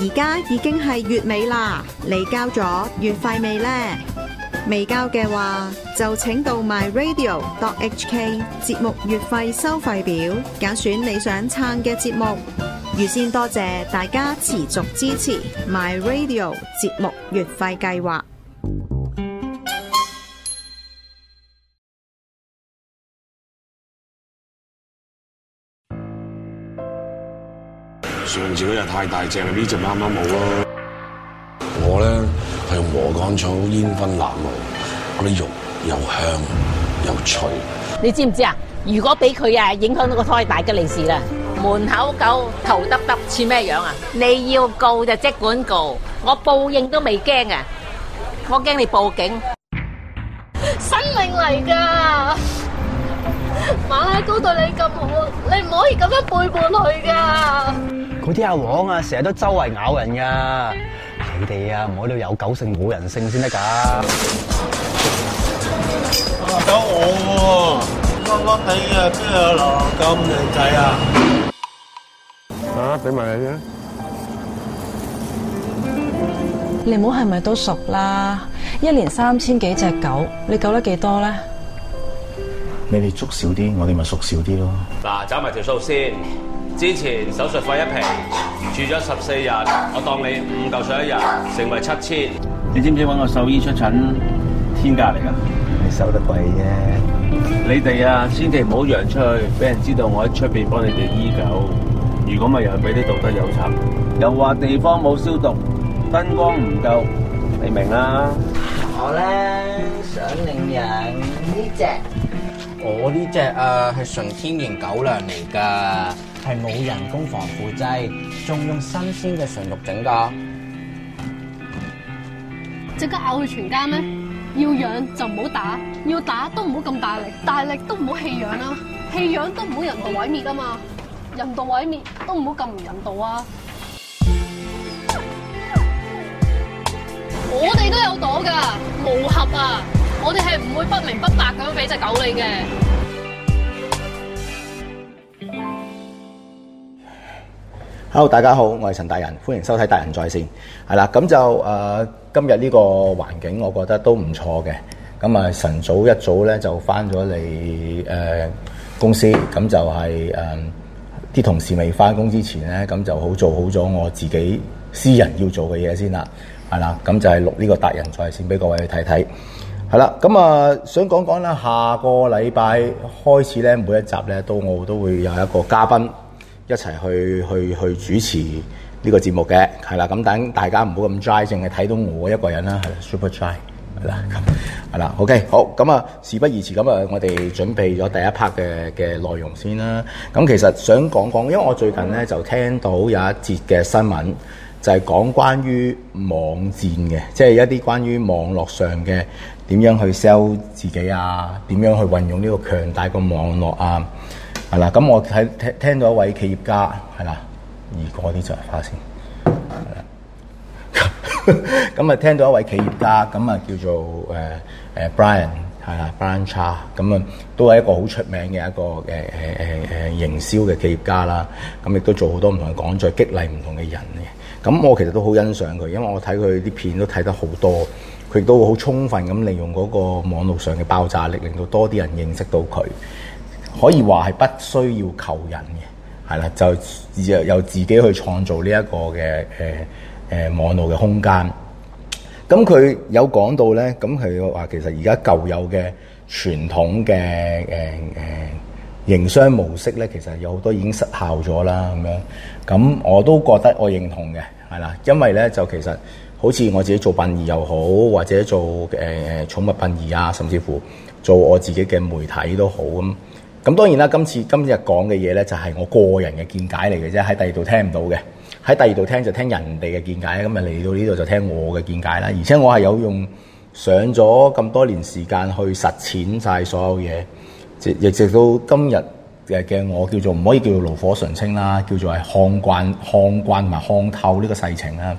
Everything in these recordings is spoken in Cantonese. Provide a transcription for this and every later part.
而家已經係月尾啦，你交咗月費未呢？未交嘅話，就請到 myradio.hk 節目月費收費表，揀選你想撐嘅節目。預先多謝大家持續支持 myradio 節目月費計劃。上次嗰隻太大隻啦，呢隻啱啱好咯。我咧係用禾稈草煙熏臘肉，嗰啲肉又香又脆。你知唔知啊？如果俾佢啊，影響到個胎，大吉利是啦。門口狗頭耷耷似咩樣啊？你要告就即管告，我報應都未驚啊！我驚你報警。生命嚟㗎，馬拉糕對你咁好，你唔可以咁樣背叛佢嘅。嗰啲阿黃啊，成日都周圍咬人噶你哋啊唔好呢度有狗性冇人性先得噶狗王，笠笠地啊，邊有流浪狗咁靚仔啊？啊，俾埋你先。你唔好係咪都熟啦？一年三千幾隻狗，你救得幾多咧？你哋捉少啲，我哋咪熟少啲咯。嗱，找埋條數先。之前手術費一皮，住咗十四日，我當你五舊水一日，成為七千。你知唔知揾個獸醫出診？天價嚟噶，你收得貴啫。你哋啊，千祈唔好揚出去，俾人知道我喺出邊幫你哋醫狗。如果咪又係俾啲道德有差，又話地方冇消毒，燈光唔夠，你明啦。我咧想領養呢隻，我呢隻啊係純天然狗糧嚟噶。係冇人工防腐劑，仲用新鮮嘅純肉整噶，即刻咬佢全家咩？要養就唔好打，要打都唔好咁大力，大力都唔好棄養啦，棄養都唔好人道毀滅啊嘛，人道毀滅都唔好咁唔人道啊！我哋都有朵噶，無合啊！我哋係唔會不明不白咁樣俾隻狗你嘅。Hello，大家好，我係陳達仁，歡迎收睇《達仁在線》。係啦，咁就誒，今日呢個環境我覺得都唔錯嘅。咁啊，晨早一早咧就翻咗嚟誒公司，咁就係誒啲同事未翻工之前咧，咁就好做好咗我自己私人要做嘅嘢先啦。係啦，咁就係錄呢個《達仁在線》俾各位睇睇。係啦，咁啊想講講啦，下個禮拜開始咧，每一集咧都我都會有一個嘉賓一齊去去去主持呢個節目嘅，係啦，咁等大家唔好咁 dry，淨係睇到我一個人啦，係啦，super dry，係啦，咁係啦，OK，好，咁啊，事不宜遲，咁啊，我哋準備咗第一 part 嘅嘅內容先啦。咁其實想講講，因為我最近咧就聽到有一節嘅新聞，就係講關於網站嘅，即係一啲關於網絡上嘅點樣去 sell 自己啊，點樣去運用呢個強大嘅網絡啊。係啦，咁我睇聽聽到一位企業家，係啦，而嗰啲就係花先。係啦，咁咁啊，聽到一位企業家，咁啊叫做誒誒 Brian，係啦，Brian Chao，咁啊，都係 一個好出名嘅一個誒誒誒誒營銷嘅企業家啦。咁亦、呃呃都，呃呃、都做好多唔同嘅講座，激勵唔同嘅人嘅。咁我其實都好欣賞佢，因為我睇佢啲片都睇得好多，佢亦都好充分咁利用嗰個網絡上嘅爆炸力，令到多啲人認識到佢。可以話係不需要求人嘅，係啦，就由自己去創造呢一個嘅誒誒網絡嘅空間。咁佢有講到咧，咁佢話其實而家舊有嘅傳統嘅誒誒營商模式咧，其實有好多已經失效咗啦，咁樣。咁我都覺得我認同嘅，係啦，因為咧就其實好似我自己做殯儀又好，或者做誒誒寵物殯儀啊，甚至乎做我自己嘅媒體都好咁。咁當然啦，今次今日講嘅嘢咧，就係我個人嘅見解嚟嘅啫，喺第二度聽唔到嘅，喺第二度聽就聽人哋嘅見解。咁啊嚟到呢度就聽我嘅見解啦。而且我係有用上咗咁多年時間去實踐曬所有嘢，直直到今日嘅嘅我叫做唔可以叫做爐火純青啦，叫做係看慣、看慣同埋看透呢個世情啦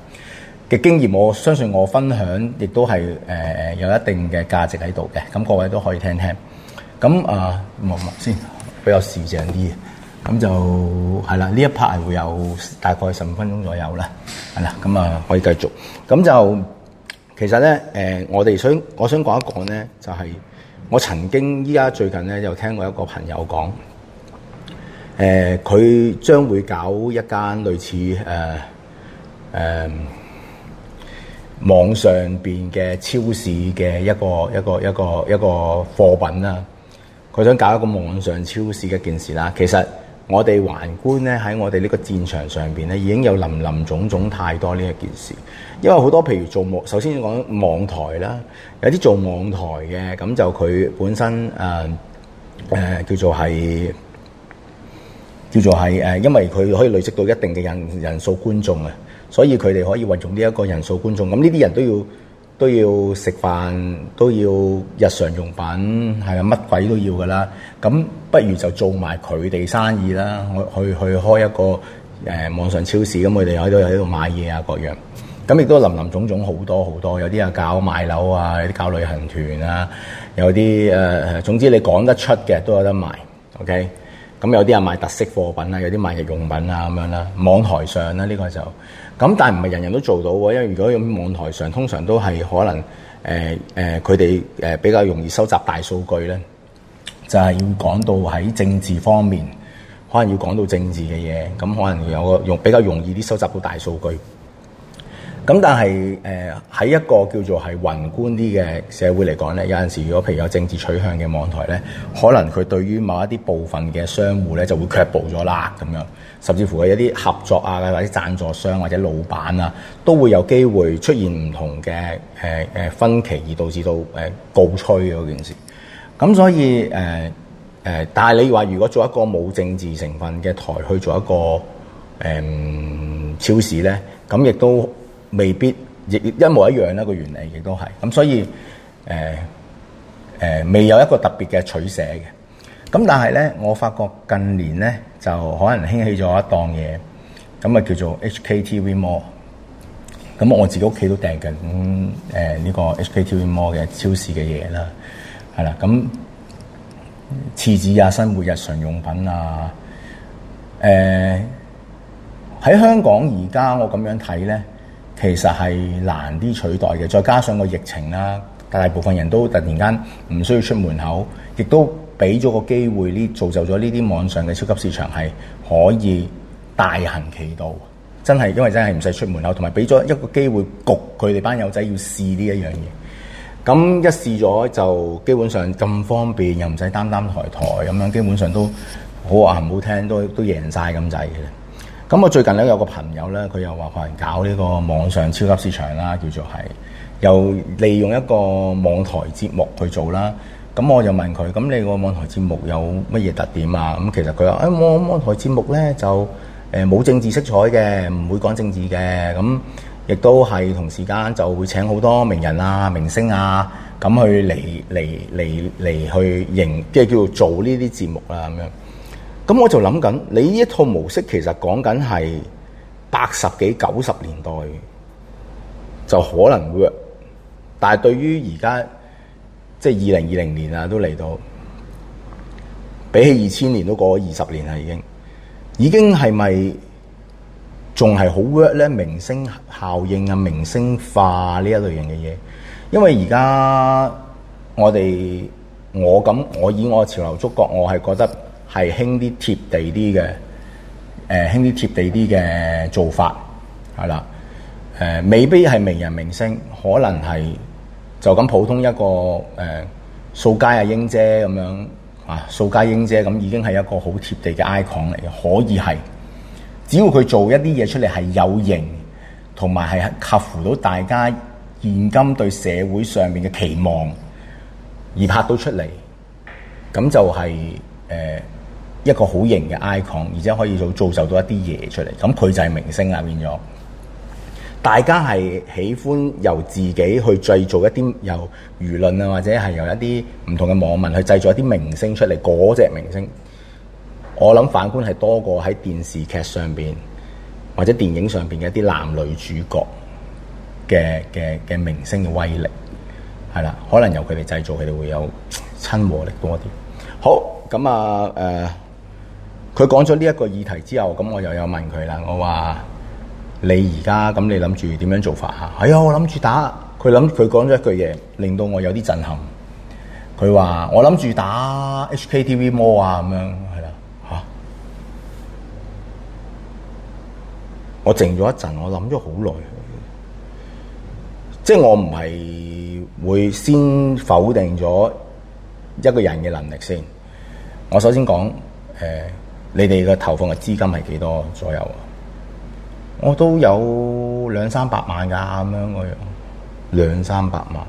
嘅經驗。我相信我分享亦都係、呃、有一定嘅價值喺度嘅，咁各位都可以聽聽。咁啊，默默先比較時政啲，咁就係啦。呢一 part 係會有大概十五分鐘左右啦，係啦。咁啊，可以繼續。咁就其實咧，誒、呃，我哋想我想講一講咧，就係、是、我曾經依家最近咧，又聽過一個朋友講誒，佢、呃、將會搞一間類似誒誒、呃呃、網上邊嘅超市嘅一個一個一個一個貨品啦。佢想搞一個網上超市嘅件事啦，其實我哋環觀咧喺我哋呢個戰場上邊咧，已經有林林總總太多呢一件事，因為好多譬如做網，首先講網台啦，有啲做網台嘅，咁就佢本身誒誒、呃呃、叫做係叫做係誒、呃，因為佢可以累積到一定嘅人人數觀眾啊，所以佢哋可以運用呢一個人數觀眾，咁呢啲人都要。都要食飯，都要日常用品，係啊，乜鬼都要噶啦。咁不如就做埋佢哋生意啦，我去去開一個誒、呃、網上超市，咁佢哋喺度喺度買嘢啊，各樣。咁亦都林林總總好多好多，有啲啊搞賣樓啊，有啲搞旅行團啊，有啲誒、呃，總之你講得出嘅都有得賣，OK。咁有啲人買特色貨品啊，有啲買日用品啊咁樣啦，網台上啦呢個就咁，但係唔係人人都做到喎，因為如果用網台上，通常都係可能誒誒佢哋比較容易收集大數據咧，就係要講到喺政治方面，可能要講到政治嘅嘢，咁可能有個用比較容易啲收集到大數據。咁但係誒喺一個叫做係宏觀啲嘅社會嚟講咧，有陣時如果譬如有政治取向嘅網台咧，可能佢對於某一啲部分嘅商戶咧就會卻步咗啦咁樣，甚至乎係一啲合作啊，或者贊助商或者老闆啊，都會有機會出現唔同嘅誒誒分歧，而導致到誒、呃、告吹嗰件事。咁所以誒誒、呃呃，但係你話如果做一個冇政治成分嘅台去做一個誒、呃、超市咧，咁亦都。未必亦一模一樣啦，個原理亦都係咁，所以誒誒、呃呃、未有一個特別嘅取捨嘅。咁但係咧，我發覺近年咧就可能興起咗一檔嘢，咁啊叫做 HKTV Mall。咁我自己屋企都訂緊誒呢個 HKTV Mall 嘅超市嘅嘢啦，係啦，咁廁紙啊、生活日常用品啊，誒、呃、喺香港而家我咁樣睇咧。其實係難啲取代嘅，再加上個疫情啦，大、大部分人都突然間唔需要出門口，亦都俾咗個機會呢，造就咗呢啲網上嘅超級市場係可以大行其道。真係因為真係唔使出門口，同埋俾咗一個機會焗佢哋班友仔要試呢一樣嘢。咁一試咗就基本上咁方便，又唔使擔擔抬抬咁樣，基本上都好話唔好聽都都贏晒咁滯嘅。咁我最近咧有個朋友咧，佢又話人搞呢個網上超級市場啦，叫做係又利用一個網台節目去做啦。咁我就問佢：咁你個網台節目有乜嘢特點啊？咁其實佢話：誒、哎、我網台節目咧就冇、呃、政治色彩嘅，唔會講政治嘅。咁亦都係同時間就會請好多名人啊、明星啊，咁去嚟嚟嚟嚟去營，即係叫做做呢啲節目啦、啊，咁咁我就諗緊，你呢一套模式其實講緊係八十幾、九十年代就可能 work，但係對於而家即係二零二零年啊，都嚟到比起二千年都過咗二十年啦，已經已經係咪仲係好 work 咧？明星效應啊、明星化呢一類型嘅嘢，因為而家我哋我咁，我以我嘅潮流觸覺，我係覺得。係輕啲貼地啲嘅，誒輕啲貼地啲嘅做法，係啦，誒、呃、未必係名人明星，可能係就咁普通一個誒掃街阿英姐咁樣啊，掃街英姐咁已經係一個好貼地嘅 icon 嚟嘅，可以係只要佢做一啲嘢出嚟係有型，同埋係合乎到大家現今對社會上面嘅期望而拍到出嚟，咁就係、是、誒。呃一個好型嘅 icon，而且可以做造就到一啲嘢出嚟，咁佢就係明星啦。變咗，大家係喜歡由自己去製造一啲由輿論啊，或者係由一啲唔同嘅網民去製造一啲明星出嚟。嗰隻明星，我諗反觀係多過喺電視劇上邊或者電影上邊嘅一啲男女主角嘅嘅嘅明星嘅威力，係啦，可能由佢哋製造，佢哋會有親和力多啲。好，咁啊，誒、呃。佢講咗呢一個議題之後，咁我又有問佢啦。我話：你而家咁，你諗住點樣做法嚇？係啊，我諗住打佢諗。佢講咗一句嘢，令到我有啲震撼。佢話：我諗住打，打 HKTV more 啊，咁樣係啦嚇。我靜咗一陣，我諗咗好耐，即係我唔係會先否定咗一個人嘅能力先。我首先講誒。呃你哋嘅投放嘅資金係幾多左右啊？我都有兩三百萬㗎咁樣嗰樣，兩三百萬。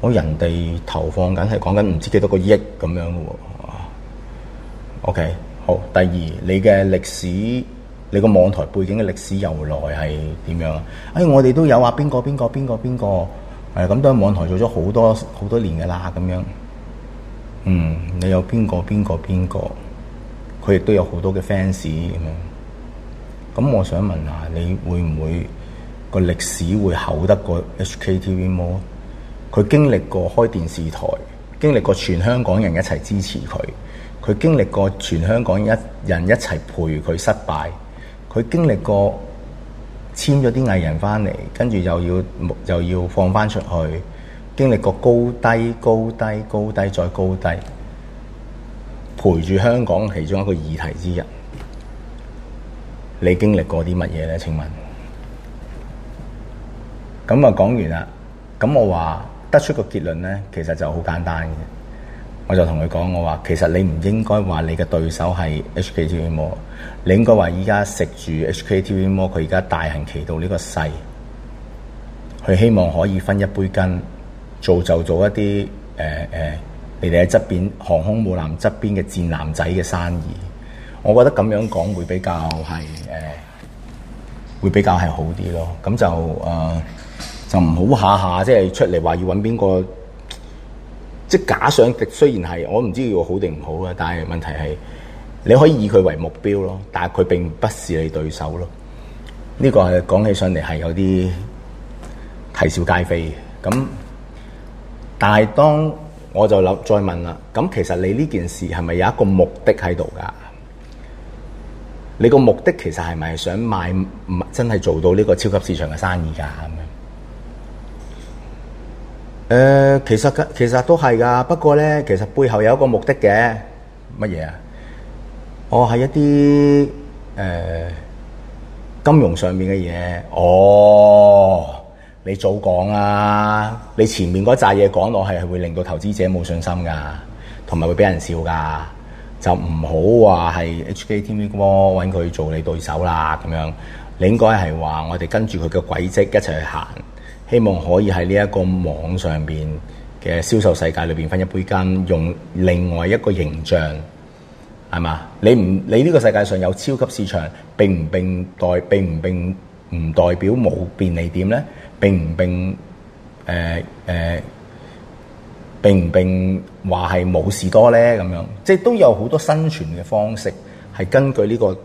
我人哋投放緊係講緊唔知幾多個億咁樣嘅喎。OK，好。第二，你嘅歷史，你個網台背景嘅歷史由來係點樣啊？哎，我哋都有啊，邊個邊個邊個邊個，咁都喺網台做咗好多好多年㗎啦，咁樣。嗯，你有邊個邊個邊個？佢亦都有好多嘅 fans 咁樣，咁我想問下，你會唔會個歷史會厚得過 HKTV more？佢經歷過開電視台，經歷過全香港人一齊支持佢，佢經歷過全香港一人一齊陪佢失敗，佢經歷過簽咗啲藝人翻嚟，跟住又要又要放翻出去，經歷過高低高低高低再高低。陪住香港其中一個議題之一，你經歷過啲乜嘢呢？請問，咁啊講完啦，咁我話得出個結論呢，其實就好簡單嘅。我就同佢講，我話其實你唔應該話你嘅對手係 HKTVmall，你應該話依家食住 HKTVmall，佢而家大行其道呢個勢，佢希望可以分一杯羹，做就做一啲你哋喺側邊航空母艦側邊嘅戰艦仔嘅生意，我覺得咁樣講會比較係誒、呃，會比較係好啲咯。咁就誒、呃，就唔好下下即係出嚟話要揾邊個，即係假想敵。雖然係我唔知要好定唔好呀，但係問題係你可以以佢為目標咯，但係佢並不是你對手咯。呢個係講起上嚟係有啲啼笑皆非嘅。咁，但係當我就諗再問啦，咁其實你呢件事係咪有一個目的喺度噶？你個目的其實係咪想買，真係做到呢個超級市場嘅生意噶咁樣？誒、呃，其實其實都係噶，不過咧其實背後有一個目的嘅，乜嘢啊？我、哦、係一啲誒、呃、金融上面嘅嘢哦。你早講啊！你前面嗰扎嘢講落係，係會令到投資者冇信心噶，同埋會俾人笑噶。就唔好話係 HKTV 嘅揾佢做你對手啦。咁樣你應該係話，我哋跟住佢嘅軌跡一齊去行，希望可以喺呢一個網上邊嘅銷售世界裏邊分一杯羹。用另外一個形象係嘛？你唔你呢個世界上有超級市場，並唔並代並唔並唔代表冇便利店呢？並唔並誒誒、呃呃、並唔並話係冇事多咧咁樣，即係都有好多生存嘅方式，係根據呢、這個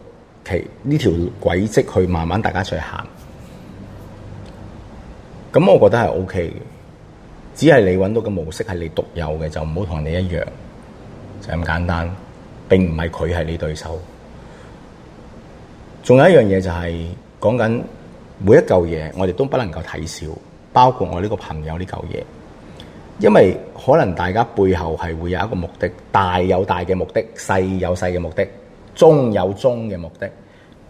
其呢條軌跡去慢慢大家出去行。咁我覺得係 O K，只係你搵到嘅模式係你獨有嘅，就唔好同你一樣，就咁簡單，並唔係佢係你對手。仲有一樣嘢就係、是、講緊。每一嚿嘢，我哋都不能夠睇小，包括我呢個朋友呢嚿嘢，因為可能大家背後係會有一個目的，大有大嘅目的，細有細嘅目的，中有中嘅目的，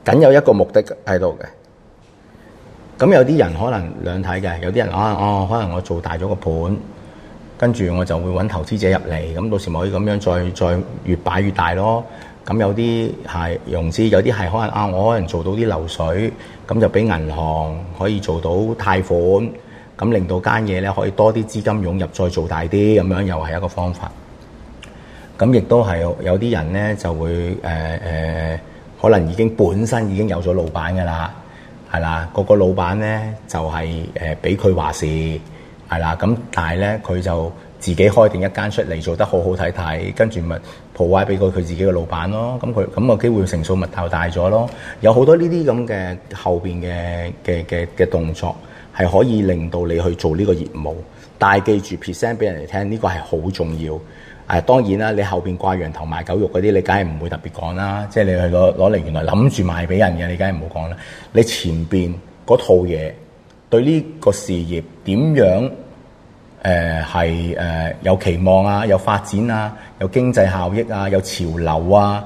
僅有一個目的喺度嘅。咁有啲人可能兩睇嘅，有啲人啊、哦，哦，可能我做大咗個盤，跟住我就會揾投資者入嚟，咁到時咪可以咁樣再再越擺越大咯。咁有啲係融資，有啲係可能啊，我可能做到啲流水，咁就俾銀行可以做到貸款，咁令到間嘢咧可以多啲資金湧入，再做大啲咁樣，又係一個方法。咁亦都係有啲人咧就會誒、呃呃、可能已經本身已經有咗老闆噶啦，係啦，個個老闆咧就係誒俾佢話事，係、呃、啦，咁但係咧佢就自己開定一間出嚟，做得好好睇睇，跟住咪，破壞俾個佢自己嘅老闆咯，咁佢咁個機會成數咪大咗咯？有好多呢啲咁嘅後邊嘅嘅嘅嘅動作，係可以令到你去做呢個業務。但係記住 present 俾人哋聽，呢個係好重要。誒、啊，當然啦，你後邊掛羊頭賣狗肉嗰啲，你梗係唔會特別講啦。即係你去攞攞嚟原來諗住賣俾人嘅，你梗係唔好講啦。你前邊嗰套嘢對呢個事業點樣？誒係，誒有期望啊，有發展啊，有經濟效益啊，有潮流啊，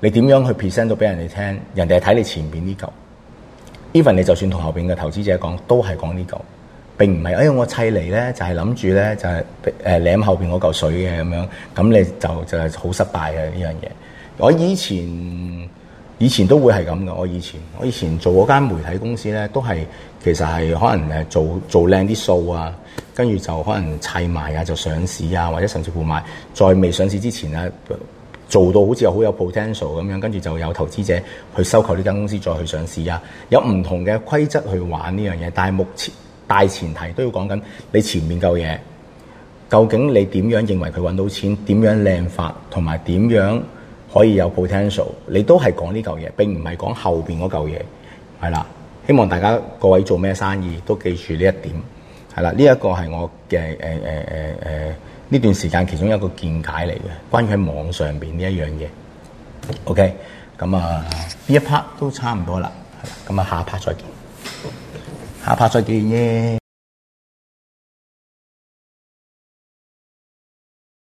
你點樣去 present 到俾人哋聽？人哋係睇你前邊呢嚿，even 你就算同後邊嘅投資者講，都係講呢嚿，並唔係誒我砌嚟咧，就係諗住咧就係誒舐後邊嗰嚿水嘅咁樣，咁你就就係好失敗嘅呢樣嘢。我以前。以前都會係咁嘅，我以前我以前做嗰間媒體公司咧，都係其實係可能誒做做靚啲數啊，跟住就可能砌埋啊，就上市啊，或者甚至乎賣，在未上市之前呢，做到好似好有 potential 咁樣，跟住就有投資者去收購呢間公司再去上市啊，有唔同嘅規則去玩呢樣嘢，但係目前大前提都要講緊你前面嚿嘢，究竟你點樣認為佢搵到錢，點樣靚法，同埋點樣可以有 potential，你都係講呢嚿嘢，並唔係講後面嗰嚿嘢，係啦。希望大家各位做咩生意都記住呢一點，係啦。呢、這、一個係我嘅誒誒誒誒呢段時間其中一個見解嚟嘅，關於喺網上邊呢一樣嘢。OK，咁啊，呢一 part 都差唔多啦，係啦，咁啊下 part 再見，下 part 再見耶。Yeah.